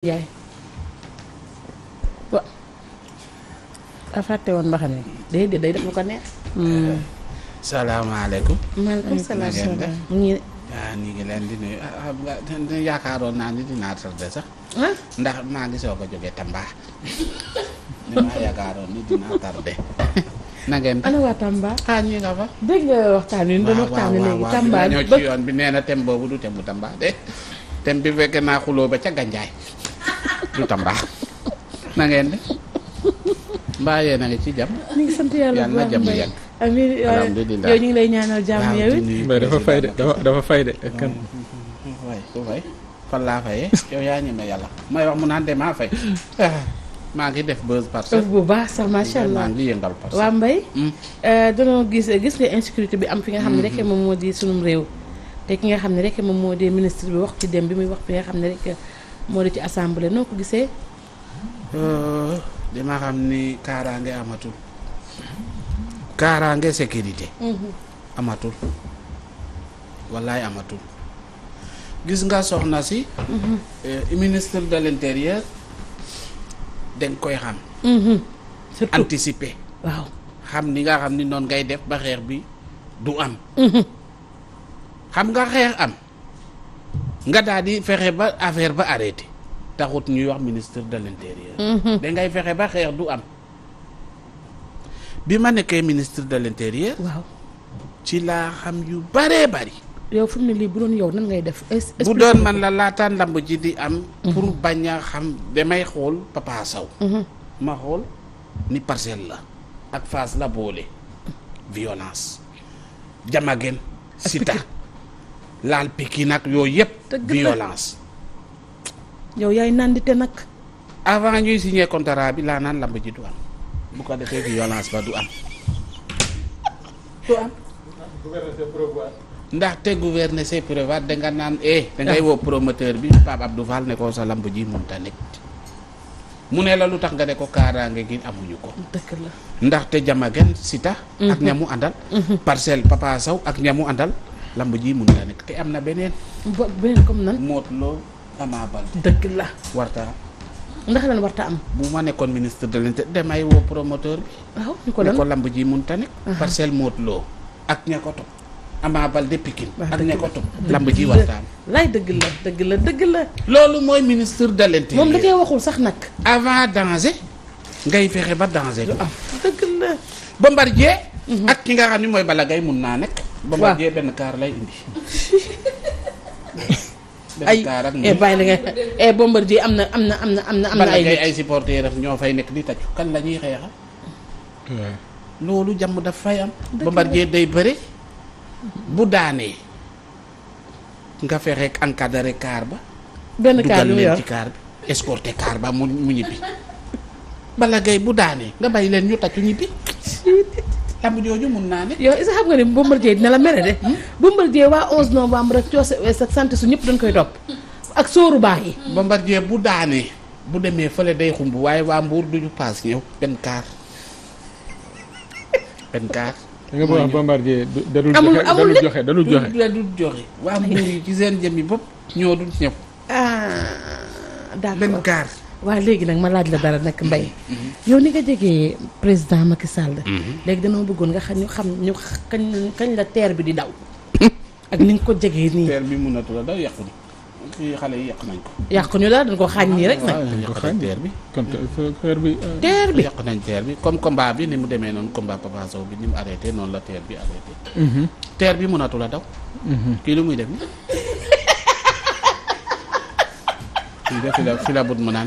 yaay wa woon ba xam ne day de day def ko neex hmm. salaamaaleykum maaleykum salaam mu ngi waaw ngi leen di nuyu xam ah, ah, nga yaakaaroon naa ni dinaa tardé sax ah? ndax maa ngi soog a jógee Tamba ni maa yaakaaroon ni dinaa tardé na ngeen ana waa Tamba. nga fa. dégg nga waxtaan wi ñu doon waxtaan léegi Tamba ñoo ci yoon bi nee na boobu du thème bu Tamba de thème bi fekkee naa xuloo ba ca Ganjaay Fatou Tamba na ngeen def mbaa yéen a ngi ci jàmm. ñu ngi sant yàlla bu baax yàlla na jàmm yàgg. amiin yow ñu ngi lay ñaanal jàmm yow it. mbay dafa fay de dafa dafa fay de kan. waay ku fay fan laa fayee yow de maa fay. Ah. maa ngi def buzz parcelle bu baax sax macha allah maa ngi yëngal parcelle waa Mbaye. Hmm? Euh, danoo gis gis nga insécurité bi am fi nga hmm. moom moo di sunum réew. te ki nga xam ne rek moom moo di ministre bi wax ci dem bi muy wax fi nga xam ne rek. moo di ci assemblée noo ko gisee. Euh, dama xam ni kaaraange amatul. kaaraange sécurité. Mhm. amatul. wallaay amatul. gis nga soxna si. Mhm. Euh, ministre de l'intérieur dañ koy xam. Mhm. surtout anticiper. waaw xam ni nga xam ni noonu ngay def ba xeex bi du am. xam nga xeex am. nga daal di fexe ba affaire ba arrêté taxut ñuy wax ministre de l'intérieur mhm. dangay fexe ba xeex du am bi ma nekkee ministre de l'intérieur waaw ci laa xam yu bëree bari yow fu ne lii bu doon yow nan ngay def bu doon man la laataan lamb ji di am mhm. pour bañ a xam damay xool Papa mhm. ma xool ni parcelle la ak phase la boole violence jamagen sita laal piki nag yooyu yëpp. violence. yow yaay nandite nag. avant ñuy signé contrat bi laa naan lamb ji du am bu ko defee violence ba du am. du am. ndaxte gouverner c'est prévoir naan eh. da ah. woo promoteur bi Pape Abdou Fall ne ko sa lamb ji mënut a nekk mu ne la lu tax nga de ko kaaraange gi amuñu ko. dëgg la ndaxte jamagen sita ak mm-hmm. ñamu àndal. Mm-hmm. parcelle Papa Sow ak ñamu àndal. lamb ji mun naa nekk te am na beneen. bo beneen comme nan. Modou Lo Ama dëgg la warta ndax lan warta am. bu ma nekkoon ministre de l'intérieur damay woo promoteur bi. waaw ñu ko lan ne ko lamb ji mun a nekk. parcelle Modou ak ña ko topp. Ama Baldé Pikine. ak ña ko topp lamb ji warta am. laay dëgg la dëgg la dëgg la. loolu mooy ministre de l'intérieur. moom da cee waxul sax nag. avant danger. ngay fexe ba danger lu am. dëgg la. Bombardier. Mhm. ak ki nga xam ne mooy bala Gaye mun naa nekk. ba ma jee benn kaar lay indi. ay e bàyyi la ngay e eh, am na am na am na am na am na ay ay supporter ñoo fay nekk di tàccu kan la ñuy xeexa loolu jam daf fay am Bombardier day bëri bu daanee nga fexeek encadré kaar ba benn kaar bi leen ci ba mu ñibbi Balla Gaye bu daanee nga bàyyi leen ñu tàccu ñibbi lamb jooju mun naa ne. yow isa xam nga ne Bombardier dina la mere de. Hmm? Bombardier waa 11 novembre ak coose wees ak sant su ñëpp dañ koy topp. ak sóoru baax yi. Hmm. Bombardier bu daanee bu demee fële day xumb waaye waa Mbour duñu paas ñëw benn kaar benn kaar. da bëgg a Bombardier dadul joxe dadul joxe dadul joxe dadul joxe. waa Mbour yi ci seen jëm yi bopp ñoo dul ñëw. ah d'accord benn kaar. waaye léegi nag ma laaj la dara nag mbay mm-hmm. yow ni nga jegee président Macky Sall. Mm-hmm. léegi dañoo bëggoon nga xam ñu xam ñu kañ kañ la teer bi di daw. ak ni nga ko jegee nii. teer bi mënatu la daw yàqu na nañ ko. yàq ñu daal dañ ko xaañ nii rek nag. dañ bi kon bi. Euh, teer bi nañ teer bi comme bi ni mu demee noonu combat bi ni mu arrêté noonu la teer bi arrêté. Mm-hmm. bi mënatu la daw. kii lu muy def nii. fii la fii la naa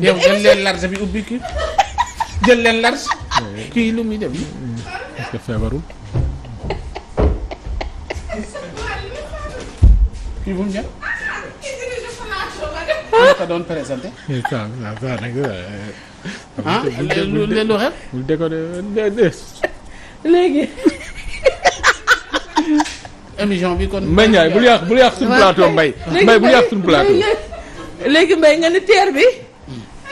yow jël bi ubbi kii leen large. muy def. est-ce que ah. doon présenté. ça ça nag. ah lu leen léegi. émission bi kon. Mbaye Ndiaye bul yàq bul yàq suñu plateau Mbaye. Mbaye bul yàq suñu plateau. léegi Mbaye nga ni teer bi.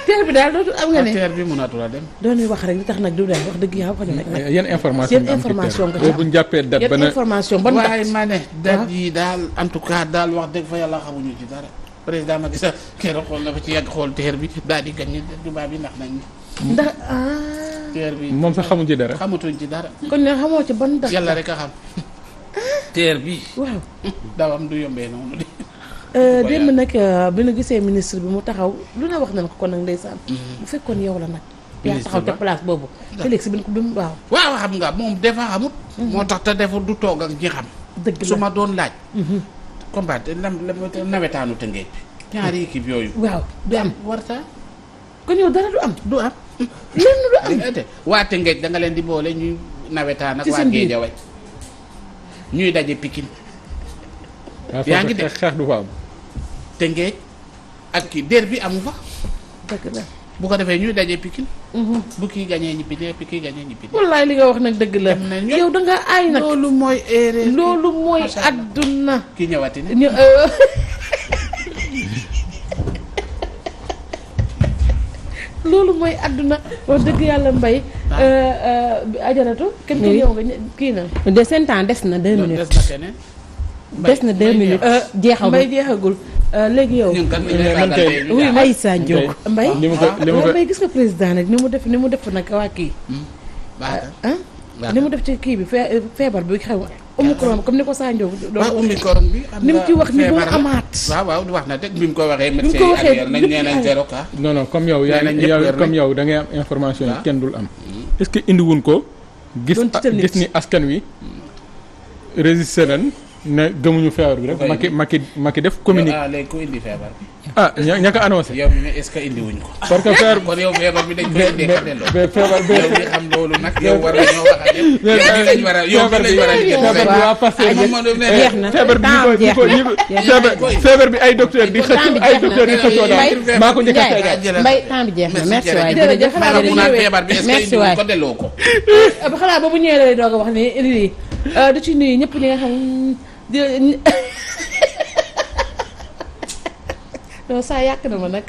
teer bi daal dootul am nga ne teer bi a dem. wax rek li tax nag du daal wax dëgg yàlla wax nga nag. information eh, yan information nga xam bu ñu jàppee date ban information ban date waaye ma ne date ah. yi daal en tout cas daal wax dëgg fa yàlla xamuñu ci dara président Macky Sall keroog xool na fa ci yàgg xool teer bi daal di gagné Dubaï bi ndax nañ ndax ah. teer bi moom sax xamuñ ci dara. xamatuñ ci dara. kon ne xamoo ci ban date yàlla rek a xam. Ah. teer bi waaw dawam du yombee Euh, démb nag euh, bi nu gisee ministre bi mu taxaw lu ne wax nañ ko kon nag ndeysaan mhm. bu fekkoon yow la nag yaa taxaw ca place boobu Félix bi ko bi mu waaw waaw xam nga moom dafa xamut mhm. moo tax te defu du toog ak ñi xam dëgg la su ma doon laaj mhm. combat lam lam nawetaanu tëngeej bi ñaari équipe yooyu waaw du am warta kon yow dara du am du am lenn du am waa tëngeej da leen di boole ñuy nawetaan ak waa géejawaay ñuy daje Pikine yaa ngi def xeex du fa Tëngéej ak kii dér bi amu fa. dëgg la bu ko defee ñuy dajee Pikine. Mhm. bu kii gañee ñibbi dee bu kii gañee ñibbi dee. wallaay li nga wax nag dëgg la. yow da nga aay nag loolu mooy. erreur loolu mooy adduna. kii ñëwaati euh. wax dëgg yàlla mbay ah. euh, euh, ajaratu kenn ko yow nga kii na de seen des na deux minutes des na deux minutes jeexagul Euh, léegi yow. ñun kat Aïssa Diop Mbaye li ah, Mbaye gis nga président nag ni mu def ni ma def nag waa kii. Hmm? Ah, ah? ni mu def ci kii bi euh, feebar bi xew. omicron comme ni ko Sa Ndiogou doon bi am ni mu ci wax ni mu amaat waaw waaw wax na dëgg bi mu ko waxee médecin yi arrière nañ nee nañ zéro cas non non comme yow yaa yow comme yow da ngay am information yi kenn dul am est-ce que indiwuñ ko gis gis ni askan wi hmm. résister nañ ne gëmuñu feebar bi rek. Macky Macky Macky def communiqué. ah léegi ku indi feebar bi. ah ña ña ko annoncé. yow mi est-ce que indi wuñ ko. parce que feebar kon yow feebar bi dañ ko indee xam ne loolu. mais feebar bi yow mi xam loolu nag yow war nañoo wax ak yow. mais feebar bi war yow mi lañ war a yow mi lañ war a feebar bi ay docteur di xëccoo ay docteur di xëccoo daal maa ko njëkk a feebar. mbay temps bi jeex na merci waay jërëjëf xanaa mu naan feebar bi est-ce que indi wuñ ko delloo ko. Eh, xanaa boobu ñëwee lay doog a wax ni indi euh, du ci nuyu ñëpp li nga xam non saa yàq na ma nag.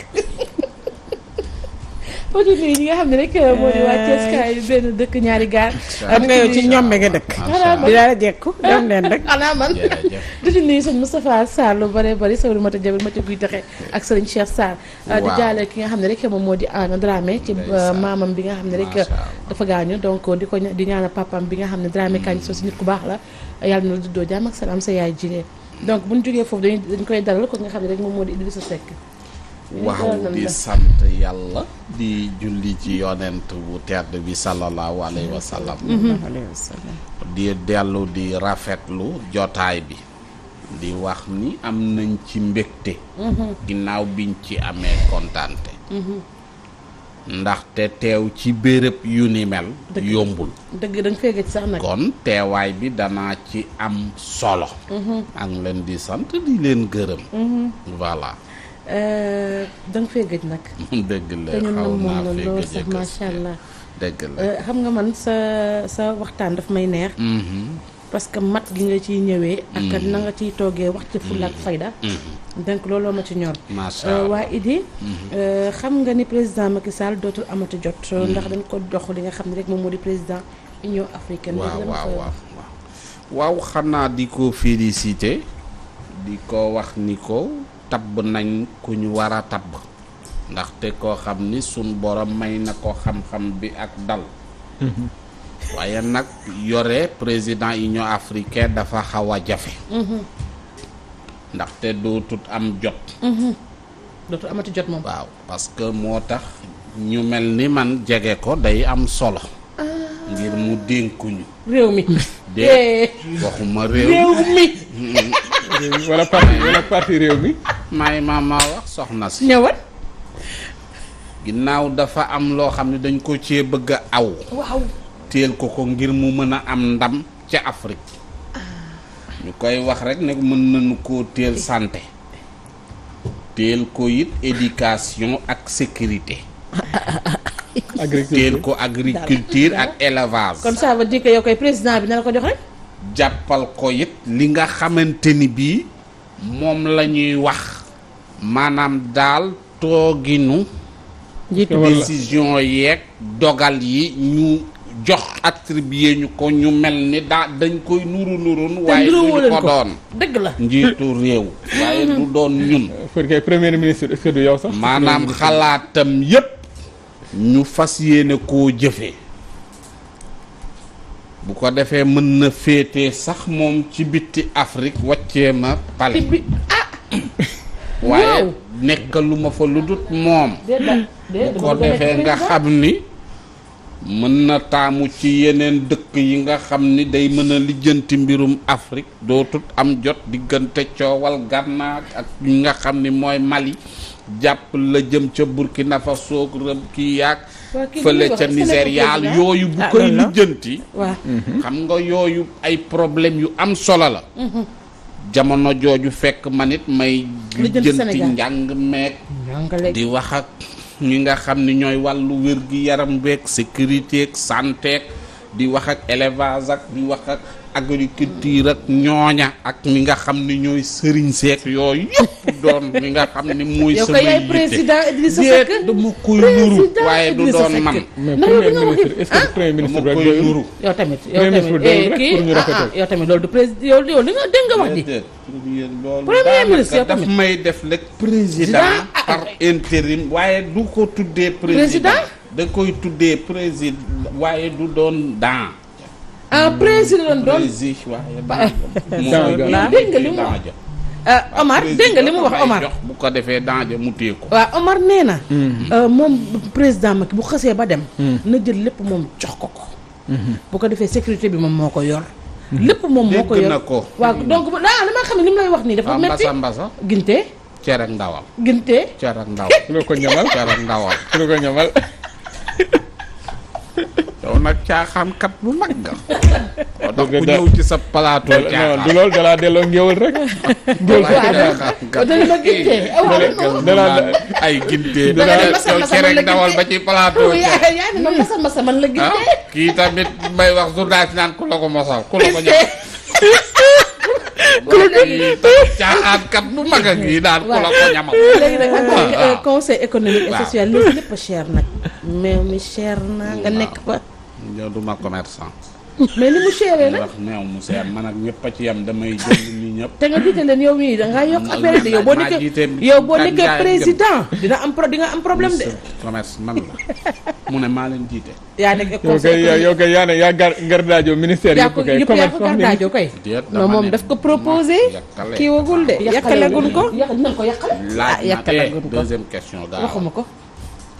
auditeurs yi nga xam ne rek moo di waa Thiès euh, kaay benn dëkk ñaari gaar. xam nga yow ci ñoom nga dëkk. macha allah dinaa la jekku dem leen rek. xanaa man di ci nuyu sëñ Moustapha Sall lu bëree bëri sëñ Mata Jabel Mata ak sëñ Cheikh Sall. di ki nga xam ne rek moom moo di Anna Dramé ci euh, maamam bi nga xam ne rek dafa gaañu donc di ko di ñaanal papam bi nga xam ne Dramé Kañ soo si nit ku baax la yàlla na la juddoo jàmm ak salaam sa yaay jilee donc bu ñu jógee foofu dañ dañ koy dalal ko nga xam ne rek moom moo di Idrissa Seck waaw di sant yàlla di julli ci yonent bu tedd bi sallallahu alayhi wa sallam di dellu di rafetlu jotaay bi di wax ni am nañ ci mbégte mhm. ginnaaw biñ ci amee kontaante mhm. ndaxte teew ci béréb yu ni mel yombul dëgg dañ sax nag kon teewaay bi danaa ci am solo mhm. ak leen di sant di leen gërëm voilà Euh, da nga fee gëj nag. dëgg la xaw naa allah. dëgg euh, xam nga man sa sa waxtaan daf may neex. Mm-hmm. parce que mat gi nga ciy ñëwee. ak mm-hmm. na nga ciy toogee wax ci fulla mm-hmm. fayda. donc looloo ma ci ñor. macha euh, allah waa Idi. xam nga ni président Macky Sall dootul amati jot. ndax dañ ko jox li nga xam ne rek moom moo di président Union africaine. waaw waaw waaw waaw xanaa di ko félicité. di ko wax ni ko. tabb nañ ku ñu war a tabb ndaxte koo xam ni suñ borom may na ko xam-xam bi ak dal mhm. waaye nag yore président union africaine dafa xaw a jafe mhm. ndaxte dootut am jot mhm. dootul jot moom parce que moo tax ñu mel ni man jege ko day am solo ah. ngir mu dénkuñu réew mi waxuma réew mi wala parti réew mi maay ma maa wax soxna si. ñëwal. ginnaaw dafa am loo xam ne dañ ko cee bëgg a aw. teel ko ko ngir mu mën a am ndam ca Afrique. Ah. ñu koy wax rek ne mën nañu koo teel santé. teel ko it éducation ak sécurité. agriculture teel ko agriculture ak élevage. kon ça veut dire que koy président bi na la ko jox rek. jàppal ko it li nga xamante ni bii moom la ñuy wax. maanaam daal tooginu njiitu décision yeeg dogal yi ñu jox attribué ñu ko ñu mel ni daal dañ koy nuru nurun waaye duñu ko doon dëgg la njiitu réew waaye du mm-hmm. doon ñun maanaam xalaatam yépp ñu fas yéene ko jëfe bu ko defee mën na féete sax moom ci biti Afrique wàccee ma pale ah! waaye nekkaluma fa lu dut moom bu ko defee nga xam ni mën na taamu ci yeneen dëkk yi nga xam ni day mëna lijjanti mbirum Afrique dootut am jot diggante coowal Ghana ak yi nga xam ni mooy Mali jàpp la jëm ca Burkina Faso rëb ki yaag fële ca Nigéria yooyu bu ah, koy lijjanti xam nga yooyu ay problème yu am solo la mm-hmm. jamono jooju fekk ma nit may jënti njàng meek di waxak ak ñi nga xam ni ñooy wàllu wér gi yaram beeg sécurité ak di wax ak élevage ak di wax ak agriculture ak ñooña ak mi nga xam ne ñooy sëriñ seek yooyu yëpp doon mi nga xam ne mooy sama yaay président Idrissa Seck dama koy nuru waaye du doon man mais premier ministre est-ce que ah? premier ministre dama koy nuru yow tamit yow tamit eh, kii ah, ah, yow tamit loolu du président yow yow daf may def rek président par intérim waaye du ko tuddee président da koy tuddee président waaye du doon daan. ah président doon président li mu wax Omar dégg nga li mu wax ah, Omar bu ko defee daan ja mu téye ko. waaw Omar nee na. Mhm. Euh, moom président Macky bu xasee ba dem. Mhm. na jël lépp moom jox ko ko. Mhm. bu ko defee sécurité bi moom moo ko yor. lépp moom moo ko yor na ko. waaw donc ah li ma xam ne li mu lay wax nii dafa ah, metti mbasa ginte. cere ak ndawal. ginte. cere ak ndawal. ku la ko ñamal cere ak ku la ko ñamal. nag caaxaankat bu mag nga. donc ku ñëw ci sa plateau. caaxaan non du loolu dalaa delloo ngéwal rek. ngéwal sa caaxaankat ay ginte. rek dawal ba ci plateau. la kii tamit may wax journal naan ku la ko mosal ku la ko ñor. ku la ko caaxaankat bu mag a ngi daan ku la ko ñamal. léegi nag ak conseil économique et social lépp lépp cher nag. mais mi cher na nga nekk fa. yow du ma commerçant. mais ni mu seeree nag wax meew mu seer man ak ñëpp a ci yam damay jënd ñi ñëpp. te nga jiite leen yow mii da ngaa yokk affaire de yow boo nekkee yow boo nekkee président dina am pro di nga problème de. mu ne maa leen jiite. yaa nekk yaa ne yaa gar gardaajo ministère yëpp kay. commerce wax nañu ko non moom daf ko proposé. kii wagul de ah, yàqalagul ko. yàqal nañ ko yàqal. ah yàqalagul ko laaj waxuma ko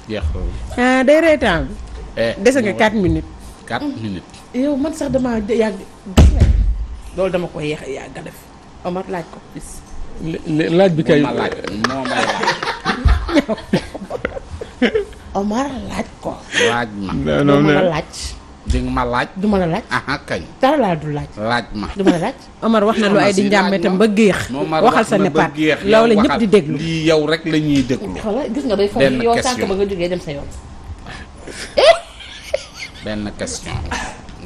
jeexul. Ah, reetaan. Eh, dese nga 4 minutes. 4 minutes. yow man sax damaa yàgg dama ko yéex a def Omar laaj ko bis. laaj bi kay moom laaj ko. laaj ma non non laaj. di ma laaj. du ma la laaj. ah kañ. dara laa du laaj. laaj ma du ma la laaj. Omar wax na lu ay di njàmbe tam ba géex. waxal sa nepaat loolu la ñëpp di déglu. lii yow rek la ñuy déglu. benn question gis nga day fay yow sànq ba nga jógee dem sa yoon. benn question.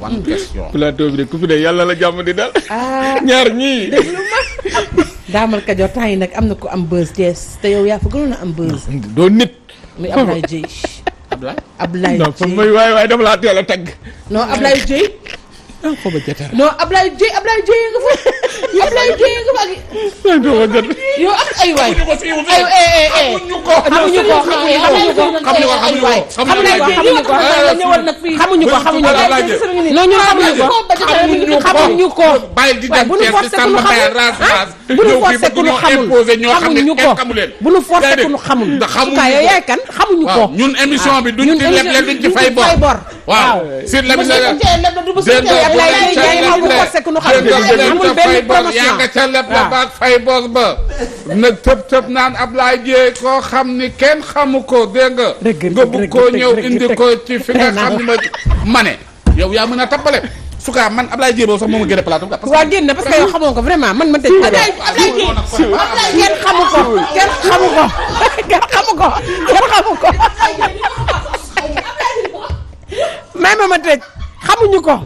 one question plateau bi de ku fi de yàlla la jàmm di dal. Ah. ñaar ñii daamal Kajoor temps yi nag am na ko am buzz Thiès te yow yaa fa gënoon a am buzz. doo nit. muy Ablaye Dieye. Ablaye Ablaye Dieye muy waay waay dafa laa teel a tagg. non Ablaye Dieye. ah Koba Diattara. non Ablaye Dieng Ablaye Dieng nga fa Ablaye Dieng nga fa ak. ay Koba Diattara. yow ak ay waay. amuñu ko amuñu ko amuñu ko xamuñu ko xamuñu ko xamuñu ko xamuñu ko xamuñu ko xamuñu ko xamuñu ko bàyyi di dem teel sàmm xayal raas raas. bu ñu forcé ku ñu xamul xamuñu ko bu ñu forcé ku ñu xamul. ndax xamuñu ko yaay kan xamuñu ko. ñun émission bi duñ ci leble duñ ci fay bor. waaw sur la Ablaye Ndiaye ma bu forcé ku nu xam amul benn promotion na tëb tëb naan Ablaye Ndiaye koo xam ni kenn xamu ko dégg nga nga bugg koo ñëw ma ma ne yow yaa mën a tappale su man Ablaye Dieng boobu sax moom a génne plateau. waaw génn parce ko vraiment man man. dëgg la Ablaye Ablaye Dieng kenn xamu ko kenn xamu ko may ma ma tëj xamuñu ko.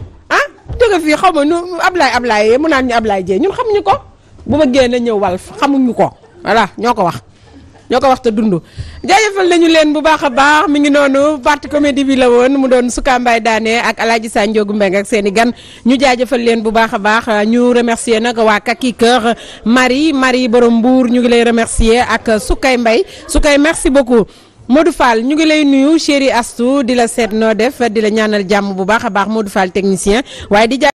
jóge fii xaw ma nu Ablaye Ablaye mu naan ñu Ablaye Dieng ñun xamuñu ko bu ma génne ñëw Walf xamuñu ko voilà ñoo ko wax. ñoo ko wax te dund jaajëfal nañu leen bu baax a baax mi ngi noonu partie comédie bi la woon mu doon sukka Mbaye daanee ak Alaaji Sa Ndiogou Mbengue ak seen i gan ñu jaajafal leen bu baax a baax ñu remercier nag waa Kaki Kër Marie Marie borom mbuur ñu ngi lay remercier ak Soukay Mbaye Soukay merci beaucoup Modou Fall ñu ngi lay nuyu chéri Astou di la seet noo def di la ñaanal jàmm bu baax a baax Modou Fall technicien waaye di